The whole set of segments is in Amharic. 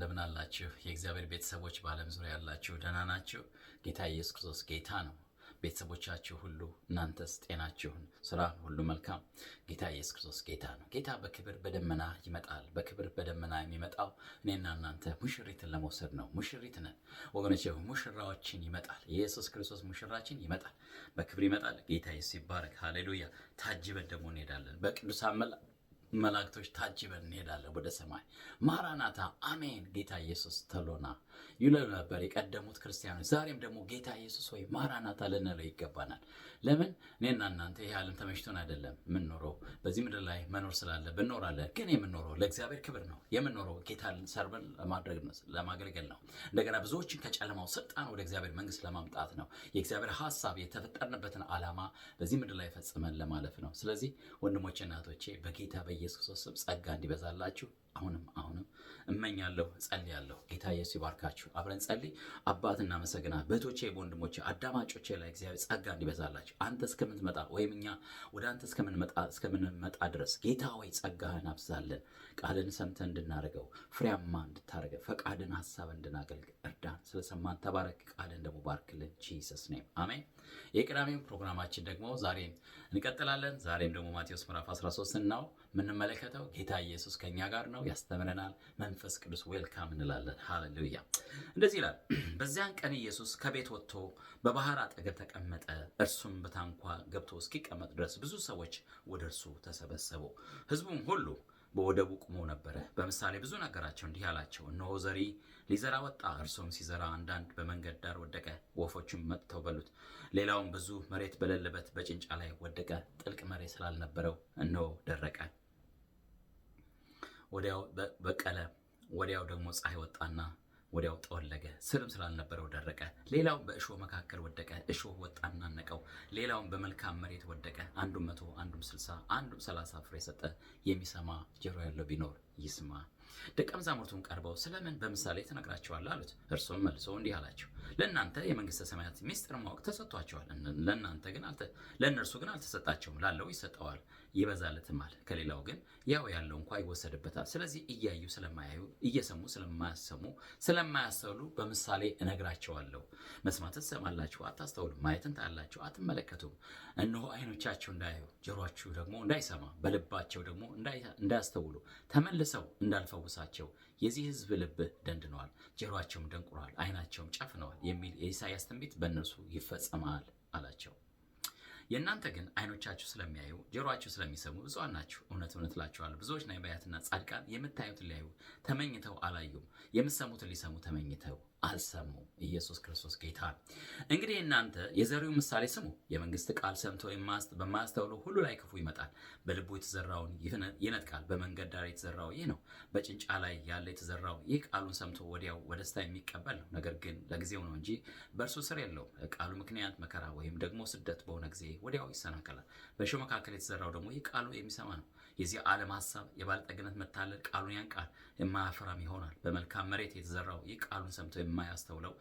እንደምን አላችሁ? የእግዚአብሔር ቤተሰቦች በዓለም ዙሪያ ያላችሁ ደህና ናችሁ? ጌታ ኢየሱስ ክርስቶስ ጌታ ነው። ቤተሰቦቻችሁ ሁሉ እናንተስ ጤናችሁን፣ ስራ ሁሉ መልካም? ጌታ ኢየሱስ ክርስቶስ ጌታ ነው። ጌታ በክብር በደመና ይመጣል። በክብር በደመና የሚመጣው እኔና እናንተ ሙሽሪትን ለመውሰድ ነው። ሙሽሪት ነን ወገኖች፣ ሙሽራዎችን ይመጣል። ኢየሱስ ክርስቶስ ሙሽራችን ይመጣል፣ በክብር ይመጣል። ጌታ ኢየሱስ ይባረክ። ሃሌሉያ። ታጅበን ደግሞ እንሄዳለን በቅዱሳን መላ መላእክቶች ታጅበን እንሄዳለን ወደ ሰማይ። ማራናታ አሜን፣ ጌታ ኢየሱስ ተሎና ይለው ነበር የቀደሙት ክርስቲያኖች። ዛሬም ደግሞ ጌታ ኢየሱስ ወይ ማራናታ ልንለው ይገባናል። ለምን እኔና እናንተ ይህ ዓለም ተመችቶን አይደለም የምንኖረው። በዚህ ምድር ላይ መኖር ስላለ እንኖራለን፣ ግን የምንኖረው ለእግዚአብሔር ክብር ነው። የምንኖረው ጌታ ሰርበን ለማድረግ ለማገልገል ነው። እንደገና ብዙዎችን ከጨለማው ስልጣን ወደ እግዚአብሔር መንግስት ለማምጣት ነው። የእግዚአብሔር ሀሳብ የተፈጠርንበትን ዓላማ በዚህ ምድር ላይ ፈጽመን ለማለፍ ነው። ስለዚህ ወንድሞቼ እናቶቼ በጌታ በ በኢየሱስ ክርስቶስ ስም ጸጋ እንዲበዛላችሁ አሁንም አሁንም እመኛለሁ፣ ጸልያለሁ። ጌታ ኢየሱስ ይባርካችሁ። አብረን ጸልይ። አባት እናመሰግናለን። በቶቼ በወንድሞቼ አዳማጮቼ ላይ እግዚአብሔር ጸጋ እንዲበዛላችሁ አንተ እስከምትመጣ ወይም እኛ ወደ አንተ እስከምንመጣ ድረስ ጌታ ወይ ጸጋህን አብዛለን። ቃልን ሰምተን እንድናደርገው ፍሬያማ እንድታደርገ ፈቃድን ሀሳብ እንድናገልግል እርዳን። ስለሰማን ተባረክ። ቃልን ደግሞ ባርክልን። ጂሰስ ኔም አሜን። የቅዳሜው ፕሮግራማችን ደግሞ ዛሬም እንቀጥላለን። ዛሬም ደግሞ ማቴዎስ ምዕራፍ 13 ነው የምንመለከተው። ጌታ ኢየሱስ ከእኛ ጋር ነው። ያስተምረናል። መንፈስ ቅዱስ ዌልካም እንላለን። ሃሌሉያ። እንደዚህ ይላል፣ በዚያን ቀን ኢየሱስ ከቤት ወጥቶ በባህር አጠገብ ተቀመጠ። እርሱም በታንኳ ገብቶ እስኪቀመጥ ድረስ ብዙ ሰዎች ወደ እርሱ ተሰበሰቡ። ህዝቡም ሁሉ በወደቡ ቁሞ ነበረ። በምሳሌ ብዙ ነገራቸው እንዲህ አላቸው፣ እነሆ ዘሪ ሊዘራ ወጣ። እርሱም ሲዘራ አንዳንድ በመንገድ ዳር ወደቀ፣ ወፎችም መጥተው በሉት። ሌላውም ብዙ መሬት በሌለበት በጭንጫ ላይ ወደቀ፣ ጥልቅ መሬት ስላልነበረው እነሆ ደረቀ። ወዲያው በቀለ። ወዲያው ደግሞ ፀሐይ ወጣና ወዲያው ጠወለገ፣ ስርም ስላልነበረው ደረቀ። ሌላው በእሾህ መካከል ወደቀ፣ እሾህ ወጣና ነቀው። ሌላውም በመልካም መሬት ወደቀ፣ አንዱም መቶ አንዱም ስልሳ አንዱም ሰላሳ ፍሬ ሰጠ። የሚሰማ ጆሮ ያለው ቢኖር ይስማ። ደቀ መዛሙርቱን ቀርበው ስለምን በምሳሌ ትነግራቸዋለህ አሉት። እርሱም መልሶ እንዲህ አላቸው ለእናንተ የመንግስተ ሰማያት ሚስጥር ማወቅ ተሰጥቷቸዋል፣ ለእናንተ ግን ለእነርሱ ግን አልተሰጣቸውም። ላለው ይሰጠዋል ይበዛለትማል፣ ከሌላው ግን ያው ያለው እንኳ ይወሰድበታል። ስለዚህ እያዩ ስለማያዩ እየሰሙ ስለማያሰሙ ስለማያስተውሉ በምሳሌ እነግራቸዋለሁ። መስማትን ትሰማላችሁ፣ አታስተውሉ። ማየትን ታያላችሁ፣ አትመለከቱም። እነሆ አይኖቻቸው እንዳያዩ፣ ጆሯችሁ ደግሞ እንዳይሰማ፣ በልባቸው ደግሞ እንዳያስተውሉ ተመልሰው እንዳልፈውሳቸው የዚህ ህዝብ ልብ ደንድነዋል፣ ጆሮአቸውም ደንቁረዋል፣ አይናቸውም ጨፍነዋል የሚል የኢሳያስ ትንቢት በእነርሱ ይፈጸማል አላቸው። የእናንተ ግን አይኖቻችሁ ስለሚያዩ ጆሮአችሁ ስለሚሰሙ ብፁዓን ናችሁ። እውነት እውነት እላችኋለሁ ብዙዎች ነቢያትና ጻድቃን የምታዩትን ሊያዩ ተመኝተው አላዩም፣ የምትሰሙትን ሊሰሙ ተመኝተው አልሰሙ። ኢየሱስ ክርስቶስ ጌታ እንግዲህ እናንተ የዘሪው ምሳሌ ስሙ። የመንግስት ቃል ሰምቶ በማያስተውሉ ሁሉ ላይ ክፉ ይመጣል። በልቡ የተዘራውን ይነጥቃል። በመንገድ ዳር የተዘራው ይህ ነው። በጭንጫ ላይ ያለ የተዘራው ይህ ቃሉን ሰምቶ ወዲያው ወደስታ የሚቀበል ነው። ነገር ግን ለጊዜው ነው እንጂ በእርሱ ስር የለውም። ቃሉ ምክንያት መከራ ወይም ደግሞ ስደት በሆነ ጊዜ ወዲያው ይሰናከላል። በእሾህ መካከል የተዘራው ደግሞ ይህ ቃሉ የሚሰማ ነው የዚህ ዓለም ሀሳብ የባለጠግነት መታለል ቃሉን ያንቃል፣ የማያፈራም ይሆናል። በመልካም መሬት የተዘራው ይህ ቃሉን ሰምተው የማያስተውለው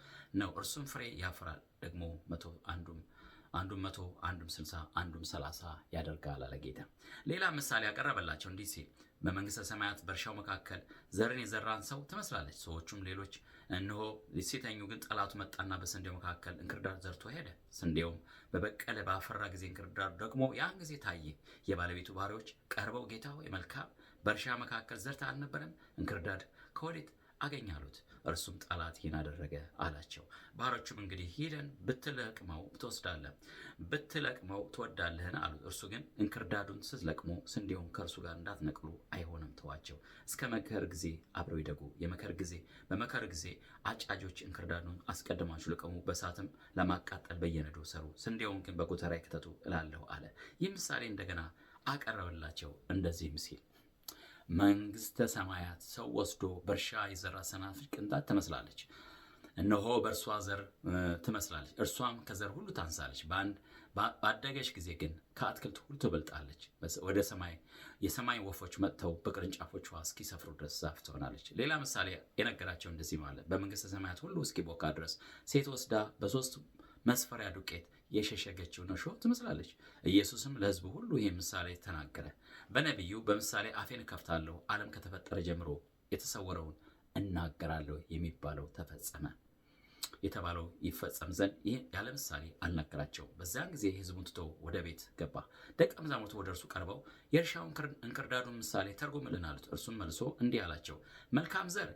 ነው፣ እርሱም ፍሬ ያፈራል፣ ደግሞ መቶ አንዱም አንዱም መቶ አንዱም ስልሳ አንዱም ሰላሳ ያደርጋል አለ ጌታ። ሌላ ምሳሌ ያቀረበላቸው እንዲህ ሲል በመንግሥተ ሰማያት በእርሻው መካከል ዘርን የዘራን ሰው ትመስላለች። ሰዎቹም ሌሎች እንሆ ሲተኙ ግን ጠላቱ መጣና በስንዴው መካከል እንክርዳድ ዘርቶ ሄደ። ስንዴውም በበቀለ በአፈራ ጊዜ እንክርዳዱ ደግሞ ያን ጊዜ ታየ። የባለቤቱ ባሪያዎች ቀርበው ጌታ ሆይ መልካም በእርሻ መካከል ዘርተህ አልነበረም? እንክርዳድ ከወዴት አገኝ አሉት። እርሱም ጠላት ይህን አደረገ አላቸው። ባሮቹም እንግዲህ ሂደን ብትለቅመው ትወስዳለህ፣ ብትለቅመው ትወዳለህን አሉት። እርሱ ግን እንክርዳዱን ስትለቅሙ ስንዴውን ከእርሱ ጋር እንዳትነቅሉ አይሆንም፣ ተዋቸው። እስከ መከር ጊዜ አብረው ይደጉ። የመከር ጊዜ በመከር ጊዜ አጫጆች እንክርዳዱን አስቀድማችሁ ልቀሙ፣ በሳትም ለማቃጠል በየነዶ ሰሩ፣ ስንዴውን ግን በጎተራ ክተቱ እላለሁ አለ። ይህ ምሳሌ እንደገና አቀረበላቸው እንደዚህም ሲል መንግስተ ሰማያት ሰው ወስዶ በእርሻ የዘራ ሰናፍጭ ቅንጣት ትመስላለች። እነሆ በእርሷ ዘር ትመስላለች፣ እርሷም ከዘር ሁሉ ታንሳለች። ባደገች ጊዜ ግን ከአትክልት ሁሉ ትበልጣለች። ወደ ሰማይ የሰማይ ወፎች መጥተው በቅርንጫፎቿ እስኪሰፍሩ ድረስ ዛፍ ትሆናለች። ሌላ ምሳሌ የነገራቸው እንደዚህ ማለት በመንግስተ ሰማያት ሁሉ እስኪቦካ ድረስ ሴት ወስዳ በሶስት መስፈሪያ ዱቄት የሸሸገችውን እርሾ ትመስላለች። ኢየሱስም ለሕዝቡ ሁሉ ይህ ምሳሌ ተናገረ። በነቢዩ በምሳሌ አፌን ከፍታለሁ ዓለም ከተፈጠረ ጀምሮ የተሰወረውን እናገራለሁ የሚባለው ተፈጸመ። የተባለው ይፈጸም ዘንድ ይህ ያለ ምሳሌ አልነገራቸው። በዚያን ጊዜ ህዝቡን ትቶ ወደ ቤት ገባ። ደቀ መዛሙርቱ ወደ እርሱ ቀርበው የእርሻውን እንክርዳዱን ምሳሌ ተርጉምልን አሉት። እርሱም መልሶ እንዲህ አላቸው፣ መልካም ዘር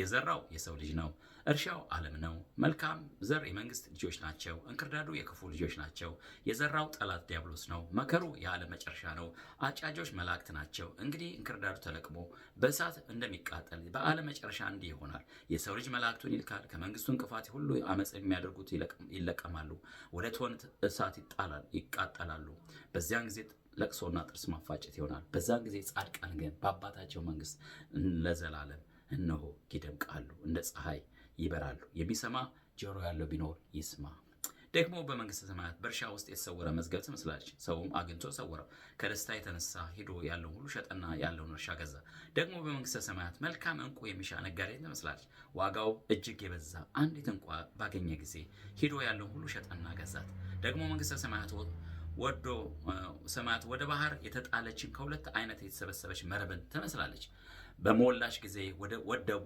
የዘራው የሰው ልጅ ነው። እርሻው ዓለም ነው። መልካም ዘር የመንግስት ልጆች ናቸው። እንክርዳዱ የክፉ ልጆች ናቸው። የዘራው ጠላት ዲያብሎስ ነው። መከሩ የዓለም መጨረሻ ነው። አጫጆች መላእክት ናቸው። እንግዲህ እንክርዳዱ ተለቅሞ በእሳት እንደሚቃጠል በዓለም መጨረሻ እንዲህ ይሆናል። የሰው ልጅ መላእክቱን ይልካል፣ ከመንግስቱ እንቅፋት ሁሉ አመፅ የሚያደርጉት ይለቀማሉ፣ ወደ እቶነ እሳት ይቃጠላሉ። በዚያን ጊዜ ለቅሶና ጥርስ ማፋጨት ይሆናል። በዛን ጊዜ ጻድቃን ግን በአባታቸው መንግስት ለዘላለም እነሆ ይደምቃሉ፣ እንደ ፀሐይ ይበራሉ። የሚሰማ ጆሮ ያለው ቢኖር ይስማ። ደግሞ በመንግስተ ሰማያት በእርሻ ውስጥ የተሰወረ መዝገብ ትመስላለች። ሰውም አግኝቶ ሰወረው፣ ከደስታ የተነሳ ሄዶ ያለውን ሁሉ ሸጠና ያለውን እርሻ ገዛ። ደግሞ በመንግስተ ሰማያት መልካም እንቁ የሚሻ ነጋዴ ትመስላለች። ዋጋው እጅግ የበዛ አንዲት እንቋ ባገኘ ጊዜ ሄዶ ያለውን ሁሉ ሸጠና ገዛት። ደግሞ መንግስተ ሰማያት ወዶ ሰማያት ወደ ባህር የተጣለችን ከሁለት አይነት የተሰበሰበች መረብን ትመስላለች። በሞላች ጊዜ ወደ ወደቡ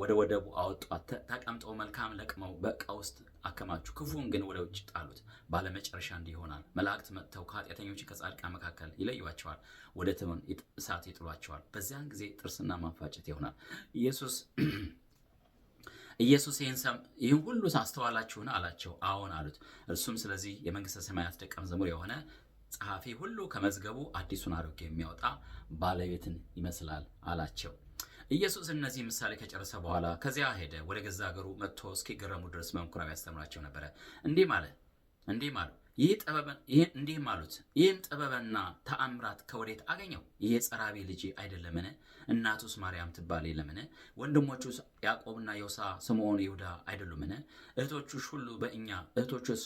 ወደ ወደቡ አወጧት። ተቀምጠው መልካም ለቅመው በዕቃ ውስጥ አከማቹ፣ ክፉን ግን ወደ ውጭ ጣሉት። ባለመጨረሻ እንዲህ ይሆናል፤ መላእክት መጥተው ከኃጢአተኞች ከጻድቃን መካከል ይለዩዋቸዋል፣ ወደ እቶነ እሳት ይጥሏቸዋል። በዚያን ጊዜ ጥርስና ማፋጨት ይሆናል። ኢየሱስ ኢየሱስ ይህን ይህን ሁሉ ሳስተዋላችሁን አላቸው። አዎን አሉት። እርሱም ስለዚህ የመንግስተ ሰማያት ደቀ መዝሙር የሆነ ጸሐፊ ሁሉ ከመዝገቡ አዲሱን አሮጌ የሚያወጣ ባለቤትን ይመስላል አላቸው። ኢየሱስ እነዚህ ምሳሌ ከጨረሰ በኋላ ከዚያ ሄደ። ወደ ገዛ ሀገሩ መጥቶ እስኪገረሙ ድረስ በምኩራብ ያስተምራቸው ነበረ። እንዲህም አለ እንዲህም አሉ እንዲህም አሉት ይህን ጥበብና ተአምራት ከወዴት አገኘው? ይህ የጸራቢ ልጅ አይደለምን? እናቱስ ማርያም ትባል የለምን? ወንድሞቹስ ያዕቆብና ዮሳ፣ ስምዖን፣ ይሁዳ አይደሉምን? እህቶቹስ ሁሉ በእኛ እህቶቹስ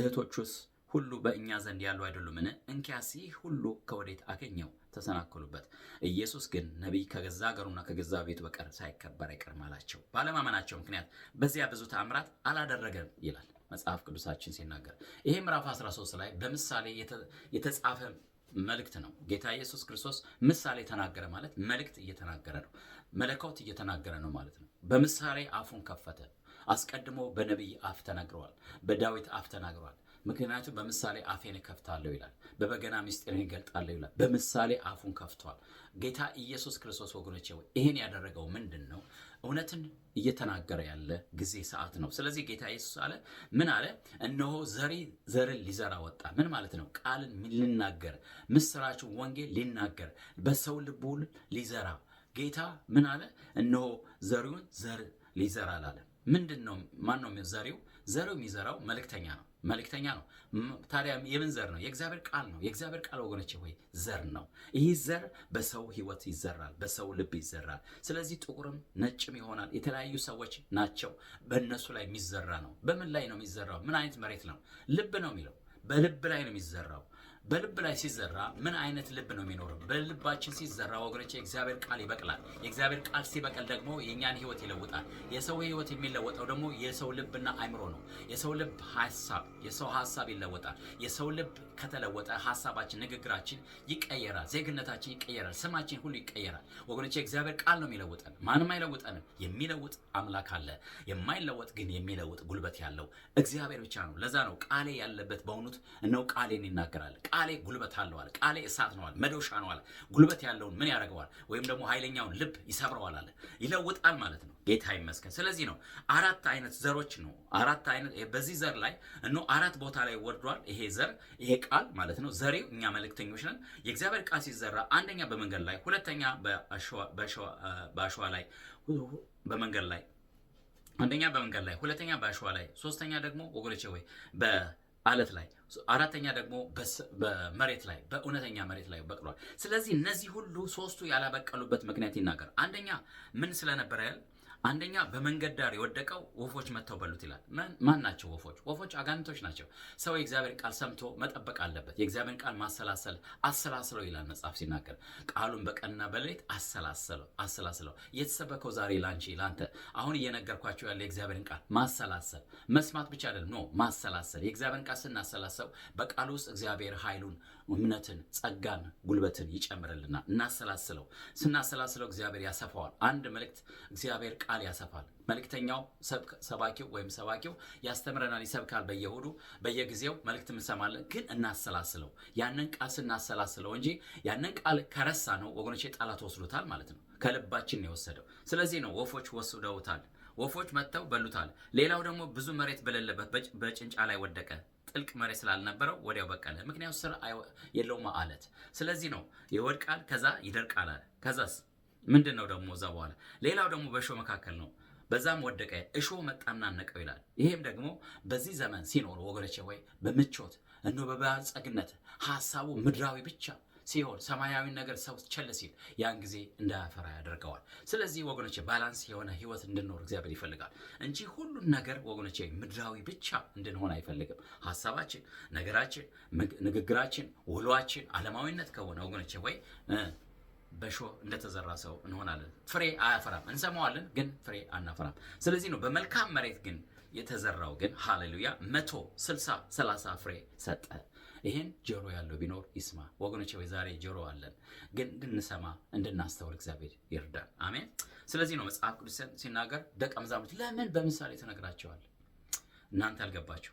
እህቶቹስ ሁሉ በእኛ ዘንድ ያሉ አይደሉምን? እንኪያስ ይህ ሁሉ ከወዴት አገኘው? ተሰናከሉበት። ኢየሱስ ግን ነቢይ ከገዛ ሀገሩና ከገዛ ቤቱ በቀር ሳይከበር አይቀርም አላቸው። ባለማመናቸው ምክንያት በዚያ ብዙ ተአምራት አላደረገም ይላል መጽሐፍ ቅዱሳችን ሲናገር። ይሄ ምዕራፍ 13 ላይ በምሳሌ የተጻፈ መልእክት ነው። ጌታ ኢየሱስ ክርስቶስ ምሳሌ ተናገረ ማለት መልእክት እየተናገረ ነው፣ መለኮት እየተናገረ ነው ማለት ነው። በምሳሌ አፉን ከፈተ። አስቀድሞ በነቢይ አፍ ተናግረዋል፣ በዳዊት አፍ ተናግረዋል። ምክንያቱም በምሳሌ አፌን እከፍታለሁ ይላል፣ በበገና ምስጢርን ይገልጣለሁ ይላል። በምሳሌ አፉን ከፍቷል ጌታ ኢየሱስ ክርስቶስ። ወገኖች ወይ ይህን ያደረገው ምንድን ነው? እውነትን እየተናገረ ያለ ጊዜ ሰዓት ነው። ስለዚህ ጌታ ኢየሱስ አለ ምን አለ? እነሆ ዘሪ ዘርን ሊዘራ ወጣ። ምን ማለት ነው? ቃልን ልናገር፣ ምስራችን ወንጌል ሊናገር፣ በሰው ልብ ሊዘራ ጌታ ምን አለ? እነሆ ዘሪውን ዘር ሊዘራ አላለ። ምንድን ነው? ማን ነው ዘሪው? ዘሪው የሚዘራው መልእክተኛ ነው። መልእክተኛ ነው። ታዲያ የምን ዘር ነው? የእግዚአብሔር ቃል ነው። የእግዚአብሔር ቃል ወገኖች ሆይ ዘር ነው። ይህ ዘር በሰው ህይወት ይዘራል፣ በሰው ልብ ይዘራል። ስለዚህ ጥቁርም ነጭም ይሆናል። የተለያዩ ሰዎች ናቸው። በእነሱ ላይ የሚዘራ ነው። በምን ላይ ነው የሚዘራው? ምን አይነት መሬት ነው? ልብ ነው የሚለው። በልብ ላይ ነው የሚዘራው። በልብ ላይ ሲዘራ ምን አይነት ልብ ነው የሚኖረው? በልባችን ሲዘራ ወገኖች የእግዚአብሔር ቃል ይበቅላል። የእግዚአብሔር ቃል ሲበቅል ደግሞ የእኛን ህይወት ይለውጣል። የሰው ህይወት የሚለወጠው ደግሞ የሰው ልብና አይምሮ ነው። የሰው ልብ ሀሳብ፣ የሰው ሀሳብ ይለወጣል። የሰው ልብ ከተለወጠ ሀሳባችን፣ ንግግራችን ይቀየራል። ዜግነታችን ይቀየራል። ስማችን ሁሉ ይቀየራል። ወገኖች የእግዚአብሔር ቃል ነው የሚለውጠን፣ ማንም አይለውጠንም። የሚለውጥ አምላክ አለ። የማይለወጥ ግን የሚለውጥ ጉልበት ያለው እግዚአብሔር ብቻ ነው። ለዛ ነው ቃሌ ያለበት በእውነት እነው ቃሌን ይናገራል። ቃሌ ጉልበት አለው አለ። ቃሌ እሳት ነው አለ፣ መዶሻ ነው አለ። ጉልበት ያለውን ምን ያደርገዋል? ወይም ደግሞ ኃይለኛውን ልብ ይሰብረዋል አለ፣ ይለውጣል ማለት ነው። ጌታ ይመስገን። ስለዚህ ነው አራት አይነት ዘሮች ነው አራት አይነት በዚህ ዘር ላይ እኖ አራት ቦታ ላይ ወርዷል። ይሄ ዘር ይሄ ቃል ማለት ነው። ዘሬው እኛ መልእክተኞች ነን። የእግዚአብሔር ቃል ሲዘራ አንደኛ በመንገድ ላይ፣ ሁለተኛ በአሸዋ ላይ በመንገድ ላይ አንደኛ በመንገድ ላይ፣ ሁለተኛ በአሸዋ ላይ፣ ሶስተኛ ደግሞ ወገኖቼ ወይ አለት ላይ አራተኛ ደግሞ በመሬት ላይ በእውነተኛ መሬት ላይ በቅሏል። ስለዚህ እነዚህ ሁሉ ሶስቱ ያላበቀሉበት ምክንያት ይናገር። አንደኛ ምን ስለነበረ ያል አንደኛ በመንገድ ዳር የወደቀው ወፎች መጥተው በሉት ይላል። ማን ናቸው ወፎች? ወፎች አጋንንቶች ናቸው። ሰው የእግዚአብሔር ቃል ሰምቶ መጠበቅ አለበት። የእግዚአብሔር ቃል ማሰላሰል አሰላስለው ይላል መጽሐፍ ሲናገር፣ ቃሉን በቀንና በሌሊት አሰላስለው አሰላስለው። የተሰበከው ዛሬ ላንቺ ላንተ፣ አሁን እየነገርኳቸው ያለ የእግዚአብሔርን ቃል ማሰላሰል መስማት ብቻ አይደለም፣ ኖ ማሰላሰል። የእግዚአብሔርን ቃል ስናሰላሰው በቃሉ ውስጥ እግዚአብሔር ኃይሉን እምነትን፣ ጸጋን፣ ጉልበትን ይጨምርልና እናሰላስለው። ስናሰላስለው እግዚአብሔር ያሰፋዋል። አንድ መልእክት እግዚአብሔር ቃል ያሰፋል። መልእክተኛው ሰባኪው ወይም ሰባኪው ያስተምረናል፣ ይሰብካል። በየሁዱ በየጊዜው መልእክት እንሰማለን፣ ግን እናሰላስለው። ያንን ቃል ስናሰላስለው እንጂ ያንን ቃል ከረሳ ነው ወገኖቼ፣ ጠላት ወስዶታል ማለት ነው። ከልባችን ነው የወሰደው። ስለዚህ ነው ወፎች ወስደውታል። ወፎች መጥተው በሉታል። ሌላው ደግሞ ብዙ መሬት በሌለበት በጭንጫ ላይ ወደቀ። ጥልቅ መሬት ስላልነበረው ወዲያው በቀለ። ምክንያቱ ስር የለውም አለት። ስለዚህ ነው ይወድቃል፣ ከዛ ይደርቃል አለ። ከዛስ ምንድን ነው ደግሞ እዛ በኋላ ሌላው ደግሞ በእሾህ መካከል ነው። በዛም ወደቀ፣ እሾህ መጣና ነቀው ይላል። ይሄም ደግሞ በዚህ ዘመን ሲኖር ወገኖቼ ወይ በምቾት እንደ በባለጸግነት ሀሳቡ ምድራዊ ብቻ ሲሆን ሰማያዊ ነገር ሰው ቸል ሲል ያን ጊዜ እንዳያፈራ ያደርገዋል። ስለዚህ ወገኖች ባላንስ የሆነ ህይወት እንድንኖር እግዚአብሔር ይፈልጋል እንጂ ሁሉን ነገር ወገኖቼ ምድራዊ ብቻ እንድንሆን አይፈልግም። ሀሳባችን፣ ነገራችን፣ ንግግራችን፣ ውሏችን አለማዊነት ከሆነ ወገኖች ወይ በሾ እንደተዘራ ሰው እንሆናለን። ፍሬ አያፈራም። እንሰማዋለን ግን ፍሬ አናፈራም። ስለዚህ ነው በመልካም መሬት ግን የተዘራው ግን ሃሌሉያ መቶ ስልሳ ሰላሳ ፍሬ ሰጠ። ይሄን ጆሮ ያለው ቢኖር ይስማ። ወገኖች ወይ ዛሬ ጆሮ አለን፣ ግን እንድንሰማ እንድናስተውል እግዚአብሔር ይርዳን አሜን። ስለዚህ ነው መጽሐፍ ቅዱስ ሲናገር ደቀ መዛሙርት ለምን በምሳሌ ተነግራቸዋል? እናንተ አልገባችሁ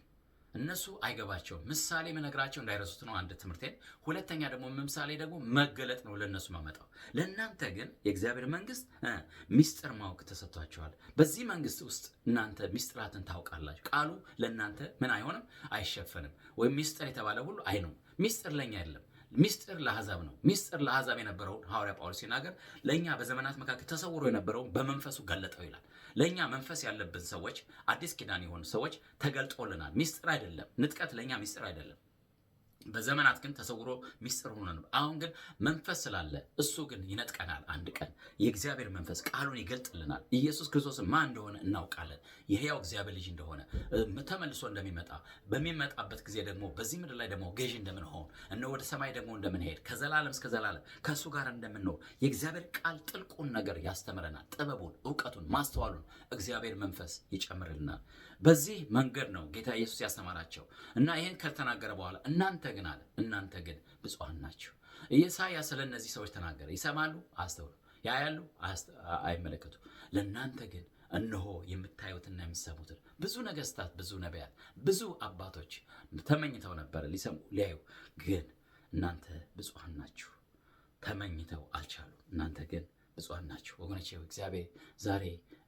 እነሱ አይገባቸውም። ምሳሌ መነግራቸው እንዳይረሱት ነው አንድ ትምህርቴን። ሁለተኛ ደግሞ ምሳሌ ደግሞ መገለጥ ነው ለእነሱ ማመጣው። ለእናንተ ግን የእግዚአብሔር መንግስት ሚስጥር ማወቅ ተሰጥቷቸዋል። በዚህ መንግስት ውስጥ እናንተ ሚስጥራትን ታውቃላችሁ። ቃሉ ለእናንተ ምን አይሆንም፣ አይሸፈንም። ወይም ሚስጥር የተባለ ሁሉ አይኑም። ሚስጥር ለእኛ አይደለም፣ ሚስጥር ለአሕዛብ ነው። ሚስጥር ለአሕዛብ የነበረውን ሐዋርያ ጳውሎስ ሲናገር ለእኛ በዘመናት መካከል ተሰውሮ የነበረውን በመንፈሱ ገለጠው ይላል። ለእኛ መንፈስ ያለብን ሰዎች አዲስ ኪዳን የሆኑ ሰዎች ተገልጦልናል። ሚስጥር አይደለም፣ ንጥቀት ለእኛ ሚስጥር አይደለም። በዘመናት ግን ተሰውሮ ሚስጥር ሆኖ ነው። አሁን ግን መንፈስ ስላለ እሱ ግን ይነጥቀናል። አንድ ቀን የእግዚአብሔር መንፈስ ቃሉን ይገልጥልናል። ኢየሱስ ክርስቶስ ማን እንደሆነ እናውቃለን፣ የሕያው እግዚአብሔር ልጅ እንደሆነ ተመልሶ እንደሚመጣ በሚመጣበት ጊዜ ደግሞ በዚህ ምድር ላይ ደግሞ ገዢ እንደምንሆን እነ ወደ ሰማይ ደግሞ እንደምንሄድ ከዘላለም እስከ ዘላለም ከእሱ ጋር እንደምንኖር የእግዚአብሔር ቃል ጥልቁን ነገር ያስተምረናል። ጥበቡን፣ እውቀቱን፣ ማስተዋሉን እግዚአብሔር መንፈስ ይጨምርልናል። በዚህ መንገድ ነው ጌታ ኢየሱስ ያስተማራቸው እና ይህን ከተናገረ በኋላ እናንተ ግን አለ እናንተ ግን ብፁዓን ናችሁ። ኢየሳያ ስለ እነዚህ ሰዎች ተናገረ። ይሰማሉ፣ አያስተውሉ፣ ያያሉ፣ አይመለከቱ። ለእናንተ ግን እነሆ የምታዩትና የምትሰሙትን ብዙ ነገስታት፣ ብዙ ነቢያት፣ ብዙ አባቶች ተመኝተው ነበረ ሊሰሙ ሊያዩ፣ ግን እናንተ ብፁዓን ናችሁ። ተመኝተው አልቻሉ። እናንተ ግን ብፁዓን ናችሁ። ወገኖቼ እግዚአብሔር ዛሬ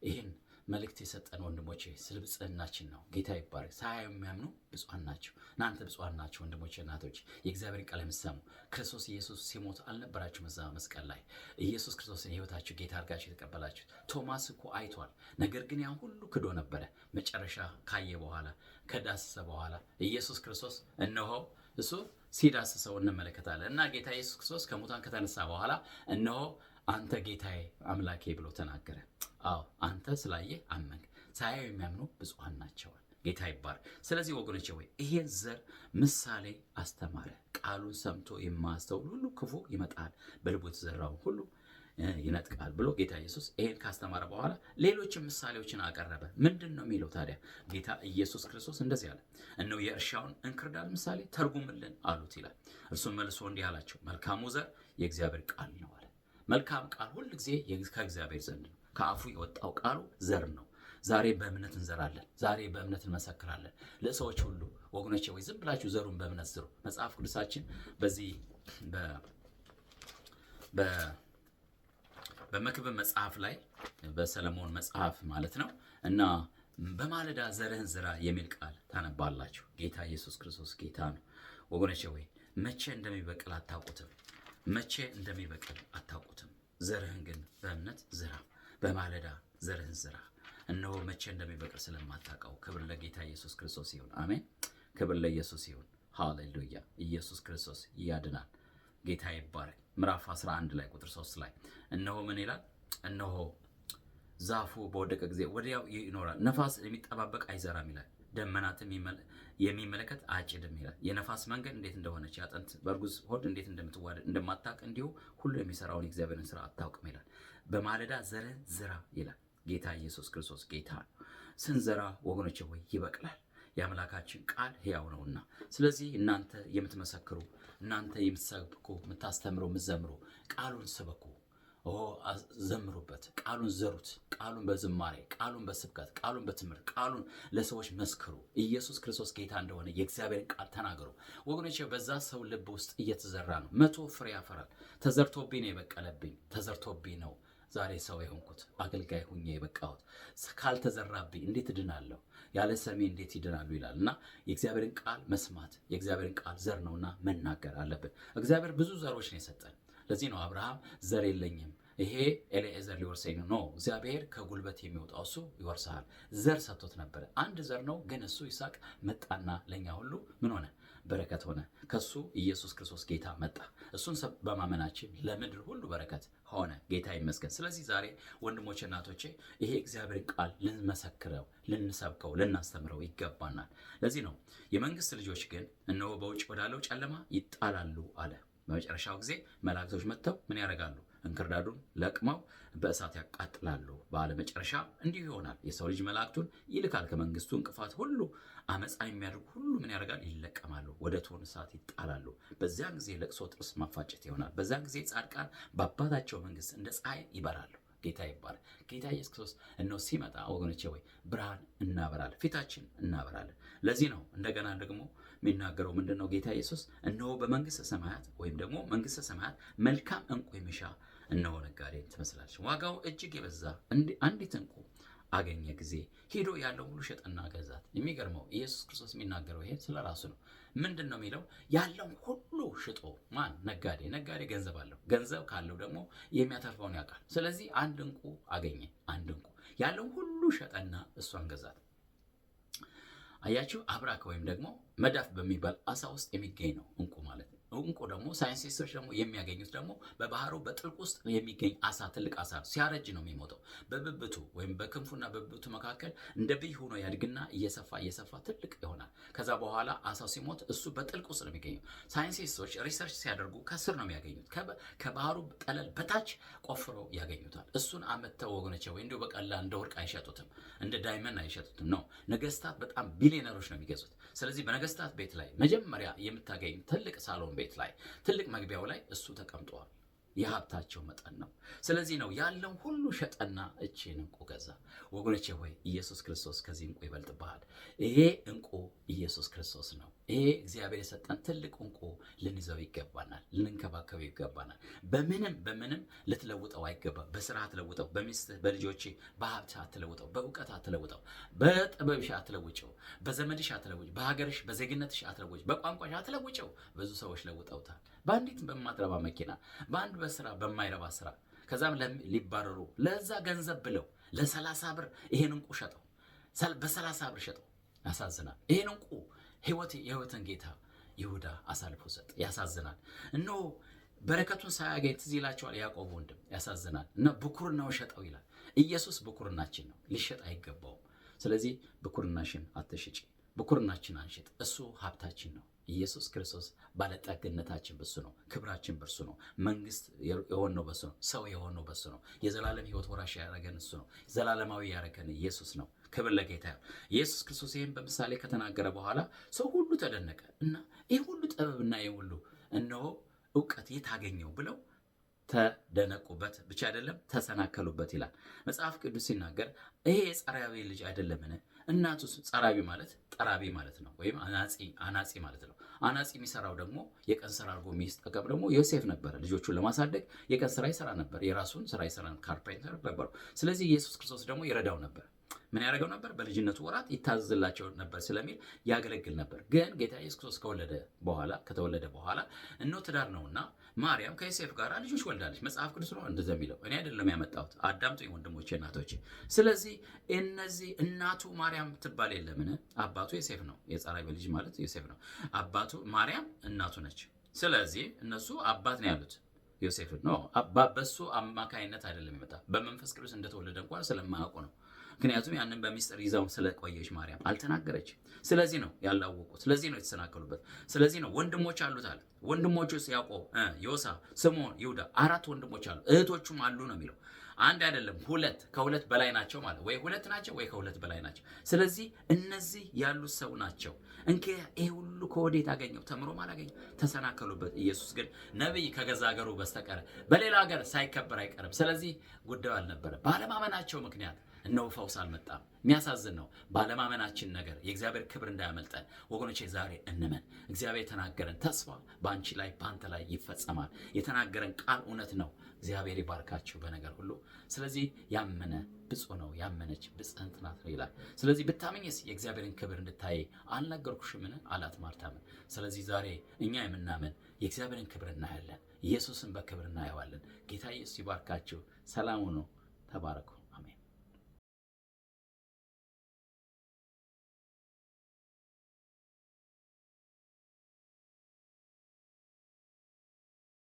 ይህን መልእክት የሰጠን ወንድሞቼ ስለ ብጽዕናችን ነው። ጌታ ይባረክ። ሳያዩ የሚያምኑ ብፁዓን ናቸው። እናንተ ብፁዓን ናቸው ወንድሞቼ፣ እናቶች የእግዚአብሔር ቃል የምትሰሙ ክርስቶስ ኢየሱስ ሲሞት አልነበራችሁም? እዛ መስቀል ላይ ኢየሱስ ክርስቶስን ሕይወታችሁ ጌታ አድርጋችሁ የተቀበላችሁ። ቶማስ እኮ አይቷል፣ ነገር ግን ያ ሁሉ ክዶ ነበረ። መጨረሻ ካየ በኋላ ከዳሰሰ በኋላ ኢየሱስ ክርስቶስ እነሆ እሱ ሲዳስሰው እንመለከታለን እና ጌታ ኢየሱስ ክርስቶስ ከሙታን ከተነሳ በኋላ እነሆ አንተ ጌታዬ አምላኬ ብሎ ተናገረ። አዎ አንተ ስላየህ አመንክ፣ ሳያዩ የሚያምኑ ብፁዓን ናቸዋል። ጌታ ይባር። ስለዚህ ወገኖች ወይ ይሄን ዘር ምሳሌ አስተማረ። ቃሉን ሰምቶ የማያስተውል ሁሉ ክፉ ይመጣል፣ በልቡ የተዘራውን ሁሉ ይነጥቃል ብሎ ጌታ ኢየሱስ ይሄን ካስተማረ በኋላ ሌሎችን ምሳሌዎችን አቀረበ። ምንድን ነው የሚለው ታዲያ? ጌታ ኢየሱስ ክርስቶስ እንደዚህ አለ፣ እነው የእርሻውን እንክርዳድ ምሳሌ ተርጉምልን አሉት ይላል። እርሱም መልሶ እንዲህ አላቸው፣ መልካሙ ዘር የእግዚአብሔር ቃል ነው አለ። መልካም ቃል ጊዜ ከእግዚአብሔር ዘንድ ነው። ከአፉ የወጣው ቃሉ ዘር ነው። ዛሬ በእምነት እንዘራለን። ዛሬ በእምነት እንመሰክራለን ለሰዎች ሁሉ። ወገኖቼ ወይ ዝም ብላችሁ ዘሩን በእምነት ዝሩ። መጽሐፍ ቅዱሳችን በዚህ በመክብብ መጽሐፍ ላይ በሰለሞን መጽሐፍ ማለት ነው እና በማለዳ ዘርህን ዝራ የሚል ቃል ታነባላችሁ። ጌታ ኢየሱስ ክርስቶስ ጌታ ነው ወገኖቼ። ወይ መቼ እንደሚበቅል አታውቁትም። መቼ እንደሚበቅል አታውቁትም። ዘርህን ግን በእምነት ዝራ። በማለዳ ዘርህን ዝራ፣ እነሆ መቼ እንደሚበቅል ስለማታውቀው። ክብር ለጌታ ኢየሱስ ክርስቶስ ይሁን። አሜን። ክብር ለኢየሱስ ይሁን። ሃሌሉያ። ኢየሱስ ክርስቶስ ያድናል። ጌታ ይባረክ። ምዕራፍ 11 ላይ ቁጥር 3 ላይ እነሆ ምን ይላል? እነሆ ዛፉ በወደቀ ጊዜ ወዲያው ይኖራል፣ ነፋስ የሚጠባበቅ አይዘራም ይላል፣ ደመናትም የሚመለከት አጭድም ይላል። የነፋስ መንገድ እንዴት እንደሆነች ያጠንት በእርጉዝ ሆድ እንዴት እንደምትዋደድ እንደማታውቅ እንዲሁ ሁሉ የሚሰራውን የእግዚአብሔርን ስራ አታውቅም ይላል። በማለዳ ዘርን ዝራ ይላል ጌታ ኢየሱስ ክርስቶስ ጌታ ነው። ስንዘራ ወገኖች ወይ ይበቅላል። የአምላካችን ቃል ሕያው ነውና፣ ስለዚህ እናንተ የምትመሰክሩ፣ እናንተ የምትሰብኩ፣ የምታስተምሩ፣ የምትዘምሩ ቃሉን ስበኩ፣ ዘምሩበት፣ ቃሉን ዘሩት፣ ቃሉን በዝማሬ፣ ቃሉን በስብከት፣ ቃሉን በትምህርት፣ ቃሉን ለሰዎች መስክሩ። ኢየሱስ ክርስቶስ ጌታ እንደሆነ የእግዚአብሔርን ቃል ተናገሩ ወገኖች። በዛ ሰው ልብ ውስጥ እየተዘራ ነው። መቶ ፍሬ ያፈራል። ተዘርቶብኝ ነው የበቀለብኝ፣ ተዘርቶብኝ ነው ዛሬ ሰው የሆንኩት አገልጋይ ሁኜ የበቃሁት ካልተዘራብኝ እንዴት እድናለሁ? ያለ ሰሜ እንዴት ይድናሉ? ይላል እና የእግዚአብሔርን ቃል መስማት የእግዚአብሔርን ቃል ዘር ነውና መናገር አለብን። እግዚአብሔር ብዙ ዘሮች ነው የሰጠን። ለዚህ ነው አብርሃም ዘር የለኝም ይሄ ኤሌኤዘር ሊወርሰኝ ነው። እግዚአብሔር ከጉልበት የሚወጣው እሱ ይወርሰሃል። ዘር ሰጥቶት ነበረ። አንድ ዘር ነው ግን እሱ ይስሐቅ መጣና ለእኛ ሁሉ ምን ሆነ በረከት ሆነ። ከሱ ኢየሱስ ክርስቶስ ጌታ መጣ። እሱን በማመናችን ለምድር ሁሉ በረከት ሆነ። ጌታ ይመስገን። ስለዚህ ዛሬ ወንድሞቼ፣ እናቶቼ ይሄ እግዚአብሔር ቃል ልንመሰክረው፣ ልንሰብከው፣ ልናስተምረው ይገባናል። ለዚህ ነው የመንግስት ልጆች ግን እነሆ በውጭ ወዳለው ጨለማ ይጣላሉ አለ። በመጨረሻው ጊዜ መላእክቶች መጥተው ምን ያደርጋሉ? እንክርዳዱን ለቅመው በእሳት ያቃጥላሉ። መጨረሻ እንዲሁ ይሆናል። የሰው ልጅ መላእክቱን ይልካል። ከመንግስቱ እንቅፋት ሁሉ አመፃ የሚያደርጉ ሁሉ ምን ያደርጋል? ወደ እቶነ እሳት ይጣላሉ። በዚያን ጊዜ ለቅሶ ጥርስ ማፋጨት ይሆናል። በዚያን ጊዜ ጻድቃን በአባታቸው መንግስት እንደ ፀሐይ ይበራሉ። ጌታ ይባላል። ጌታ ኢየሱስ ክርስቶስ እነሆ ሲመጣ ወገኖቼ ወይ ብርሃን እናበራለን፣ ፊታችን እናበራለን። ለዚህ ነው እንደገና ደግሞ የሚናገረው ምንድን ነው? ጌታ ኢየሱስ እነሆ በመንግሥተ ሰማያት ወይም ደግሞ መንግሥተ ሰማያት መልካም እንቁ የሚሻ እነሆ ነጋዴን ትመስላለች። ዋጋው እጅግ የበዛ አንዲት እንቁ አገኘ ጊዜ ሄዶ ያለው ሁሉ ሸጠና ገዛት። የሚገርመው ኢየሱስ ክርስቶስ የሚናገረው ይሄ ስለ ራሱ ነው። ምንድን ነው የሚለው? ያለውን ሁሉ ሽጦ ማን ነጋዴ፣ ነጋዴ ገንዘብ አለው። ገንዘብ ካለው ደግሞ የሚያተርፈውን ያውቃል። ስለዚህ አንድ እንቁ አገኘ። አንድ እንቁ ያለውን ሁሉ ሸጠና እሷን ገዛት። አያችሁ፣ አብራክ ወይም ደግሞ መዳፍ በሚባል አሳ ውስጥ የሚገኝ ነው እንቁ ማለት ነው። እንቁ ደግሞ ሳይንቲስቶች ደግሞ የሚያገኙት ደግሞ በባህሩ በጥልቅ ውስጥ የሚገኝ አሳ ትልቅ አሳ ሲያረጅ ነው የሚሞተው። በብብቱ ወይም በክንፉና በብብቱ መካከል እንደ ብይ ሆኖ ያድግና እየሰፋ እየሰፋ ትልቅ ይሆናል። ከዛ በኋላ አሳው ሲሞት እሱ በጥልቅ ውስጥ ነው የሚገኘው። ሳይንቲስቶች ሪሰርች ሲያደርጉ ከስር ነው የሚያገኙት። ከባህሩ ጠለል በታች ቆፍረው ያገኙታል። እሱን አመተው ወገኖቼ ወይ እንዲሁ በቀላ እንደ ወርቅ አይሸጡትም፣ እንደ ዳይመንድ አይሸጡትም። ነው ነገስታት በጣም ቢሊዮነሮች ነው የሚገዙት። ስለዚህ በነገስታት ቤት ላይ መጀመሪያ የምታገኝ ትልቅ ሳሎን ቤት ቤት ላይ ትልቅ መግቢያው ላይ እሱ ተቀምጧል። የሀብታቸው መጠን ነው። ስለዚህ ነው ያለው ሁሉ ሸጠና እቼን እንቁ ገዛ። ወገኖቼ ሆይ ኢየሱስ ክርስቶስ ከዚህ እንቁ ይበልጥብሃል። ይሄ እንቁ ኢየሱስ ክርስቶስ ነው። ይሄ እግዚአብሔር የሰጠን ትልቅ እንቁ ልንይዘው ይገባናል፣ ልንንከባከበው ይገባናል። በምንም በምንም ልትለውጠው አይገባም። በስራ አትለውጠው፣ በሚስትህ በልጆች በሀብት አትለውጠው፣ በእውቀት አትለውጠው፣ በጥበብሽ አትለውጭው፣ በዘመድሽ አትለውጭ፣ በሀገርሽ በዜግነትሽ አትለውጭ፣ በቋንቋሽ አትለውጭው። ብዙ ሰዎች ለውጠውታል። በአንዲት በማትረባ መኪና፣ በአንድ በስራ በማይረባ ስራ ከዛም ሊባረሩ ለዛ ገንዘብ ብለው ለሰላሳ ብር ይሄን እንቁ ሸጠው በሰላሳ ብር ሸጠው። ያሳዝናል። ይሄን እንቁ ህይወት የህይወትን ጌታ ይሁዳ አሳልፎ ሰጥ። ያሳዝናል። እኖ በረከቱን ሳያገኝ ትዝ ይላቸዋል ያዕቆብ ወንድም። ያሳዝናል። እና ብኩርናው ሸጠው ይላል ኢየሱስ ብኩርናችን ነው፣ ሊሸጥ አይገባውም። ስለዚህ ብኩርናሽን አትሽጪ፣ ብኩርናችን አንሸጥ፣ እሱ ሀብታችን ነው። ኢየሱስ ክርስቶስ ባለጠግነታችን በሱ ነው። ክብራችን በሱ ነው። መንግስት የሆነው በሱ ነው። ሰው የሆነው በሱ ነው። የዘላለም ህይወት ወራሽ ያደረገን እሱ ነው። ዘላለማዊ ያደረገን ኢየሱስ ነው። ክብር ለጌታ ኢየሱስ ክርስቶስ ይህን በምሳሌ ከተናገረ በኋላ ሰው ሁሉ ተደነቀ እና ይህ ሁሉ ጥበብና ይህ ሁሉ እነሆ እውቀት የት አገኘው ብለው ተደነቁበት ብቻ አይደለም ተሰናከሉበት ይላል መጽሐፍ ቅዱስ ሲናገር ይሄ የጻራዊ ልጅ አይደለምን እናቱስ ጸራቢ ማለት ጠራቢ ማለት ነው፣ ወይም አናጺ ማለት ነው። አናጺ የሚሰራው ደግሞ የቀን ስራ አድርጎ የሚጠቀም ደግሞ ዮሴፍ ነበረ። ልጆቹን ለማሳደግ የቀን ስራ ይሰራ ነበር፣ የራሱን ስራ ይሰራ፣ ካርፔንተር ነበረው። ስለዚህ ኢየሱስ ክርስቶስ ደግሞ ይረዳው ነበር። ምን ያደርገው ነበር? በልጅነቱ ወራት ይታዘዝላቸው ነበር ስለሚል ያገለግል ነበር። ግን ጌታ ኢየሱስ ክርስቶስ ከወለደ በኋላ ከተወለደ በኋላ እነሆ ትዳር ነውና ማርያም ከዮሴፍ ጋር ልጆች ወልዳለች። መጽሐፍ ቅዱስ ነው እንደዚያ የሚለው፣ እኔ አይደለም ያመጣሁት። አዳምጡኝ ወንድሞቼ፣ እናቶቼ። ስለዚህ እነዚህ እናቱ ማርያም ትባል የለምን? አባቱ ዮሴፍ ነው። የጻራዊ ልጅ ማለት ዮሴፍ ነው። አባቱ ማርያም እናቱ ነች። ስለዚህ እነሱ አባት ነው ያሉት ዮሴፍ ነው። በሱ አማካይነት አይደለም ይመጣ፣ በመንፈስ ቅዱስ እንደተወለደ እንኳን ስለማያውቁ ነው። ምክንያቱም ያንን በሚስጥር ይዛው ስለቆየች ማርያም አልተናገረች ስለዚህ ነው ያላወቁ ስለዚህ ነው የተሰናከሉበት፣ ስለዚህ ነው ወንድሞች አሉት አለ። ወንድሞቹ ያዕቆብ፣ ዮሳ፣ ስምዖን፣ ይሁዳ አራት ወንድሞች አሉ፣ እህቶቹም አሉ ነው የሚለው። አንድ አይደለም ሁለት፣ ከሁለት በላይ ናቸው ማለት ወይ ሁለት ናቸው ወይ ከሁለት በላይ ናቸው። ስለዚህ እነዚህ ያሉት ሰው ናቸው። እንከ ይህ ሁሉ ከወዴት አገኘው? ተምሮም አላገኘም፣ ተሰናከሉበት። ኢየሱስ ግን ነቢይ ከገዛ ሀገሩ በስተቀር በሌላ ሀገር ሳይከበር አይቀርም። ስለዚህ ጉዳዩ አልነበረ ባለማመናቸው ምክንያት እነሆ ፈውስ አልመጣም። የሚያሳዝን ነው። ባለማመናችን ነገር የእግዚአብሔር ክብር እንዳያመልጠን ወገኖቼ፣ ዛሬ እንመን። እግዚአብሔር የተናገረን ተስፋ በአንቺ ላይ በአንተ ላይ ይፈጸማል። የተናገረን ቃል እውነት ነው። እግዚአብሔር ይባርካችሁ በነገር ሁሉ። ስለዚህ ያመነ ብፁ ነው፣ ያመነች ብፅዕት ናት ነው ይላል። ስለዚህ ብታምኝስ የእግዚአብሔርን ክብር እንድታይ አልነገርኩሽምን? አላት ማርታምን። ስለዚህ ዛሬ እኛ የምናምን የእግዚአብሔርን ክብር እናያለን። ኢየሱስን በክብር እናየዋለን። ጌታ ኢየሱስ ይባርካችሁ። ሰላሙ ነው። ተባረኩ።